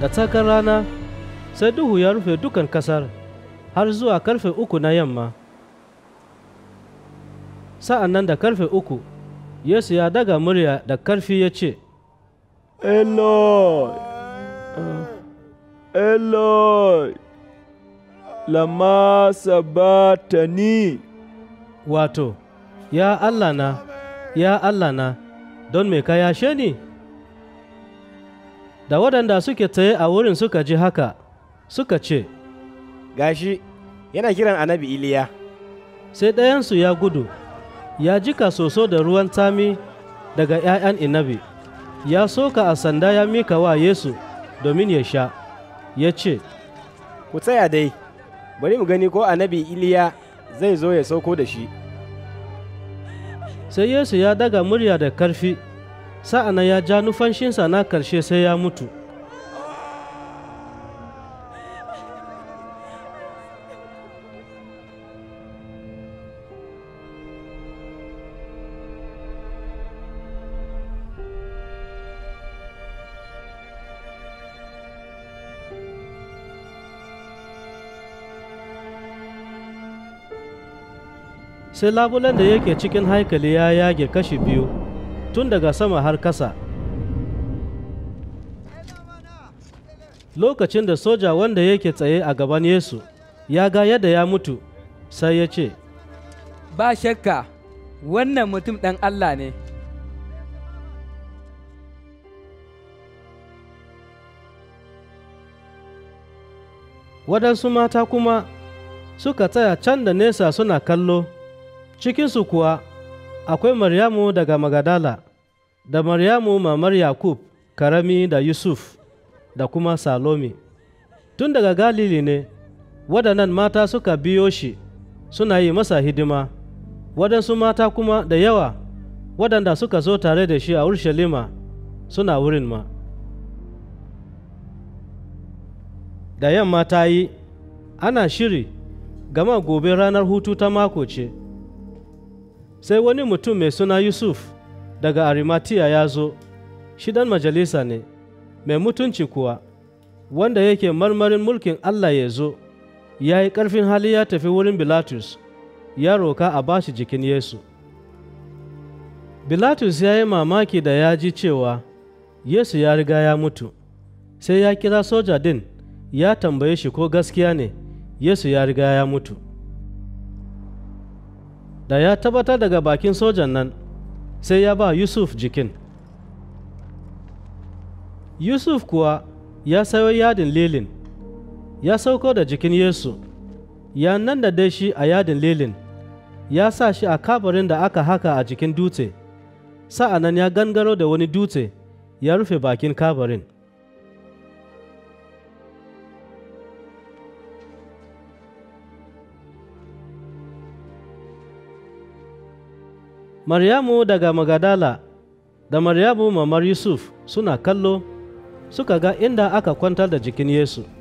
da tsakar rana sai duhu ya rufe dukan kasar har zuwa karfe uku na yamma sa'an nan da karfe uku yesu ya daga murya da karfi ya ce eloi eloi lama sabatani wato ya allah na ya allah na don me ka yashe ni da waɗanda suke tsaye a wurin suka ji haka suka ce gashi yana kiran annabi iliya sai ɗayansu ya gudu ya jika soso da ruwan tami daga 'ya'yan inabi ya soka a sanda ya mika wa yesu domin ya sha ya ce ku tsaya dai bari mu gani ko annabi iliya zai zo ya sauko da shi sai yesu ya daga murya da karfi sa'a na ya ja nufanshinsa na ƙarshe sai ya mutu sai labulen da yake cikin haikali ya yage kashi biyu tun daga sama har kasa lokacin da soja wanda yake tsaye a gaban yesu ya ga yadda ya mutu sai ya ce ba shakka wannan mutum ɗan allah ne wadansu mata kuma suka tsaya can da nesa suna kallo cikinsu kuwa akwai Maryamu daga Magadala, da Maryamu mamar Yakub, Karami da Yusuf, da kuma Salome. Tun daga Galili ne, waɗannan mata suka biyo shi suna yi masa hidima, waɗansu mata kuma da yawa waɗanda suka zo tare da shi a Urshalima suna wurin ma. Da yamma ta yi, ana shiri, gama gobe ranar hutu ta mako ce. sai wani mutum mai suna yusuf daga arimatiya ya zo shi dan majalisa ne mai mutunci kuwa wanda yake marmarin mulkin allah ya zo ya yi ƙarfin hali ya tafi wurin bilatus ya roka a bashi jikin yesu bilatus ya yi mamaki da ya ji cewa yesu ya riga ya mutu sai ya kira soja din ya tambaye shi ko gaskiya ne yesu ya riga ya mutu da ya tabbatar daga bakin sojan nan sai ya ba yusuf jikin yusuf kuwa ya sayo yadin lilin ya sauko da jikin yesu ya nan da dai shi a yadin lilin ya sa shi a kabarin da aka haka a jikin dutse sa'a nan ya gangaro da wani dutse ya rufe bakin kabarin Maryamu daga Magadala da Maryamu mamar Yusuf suna kallo suka ga inda aka kwantar da jikin Yesu.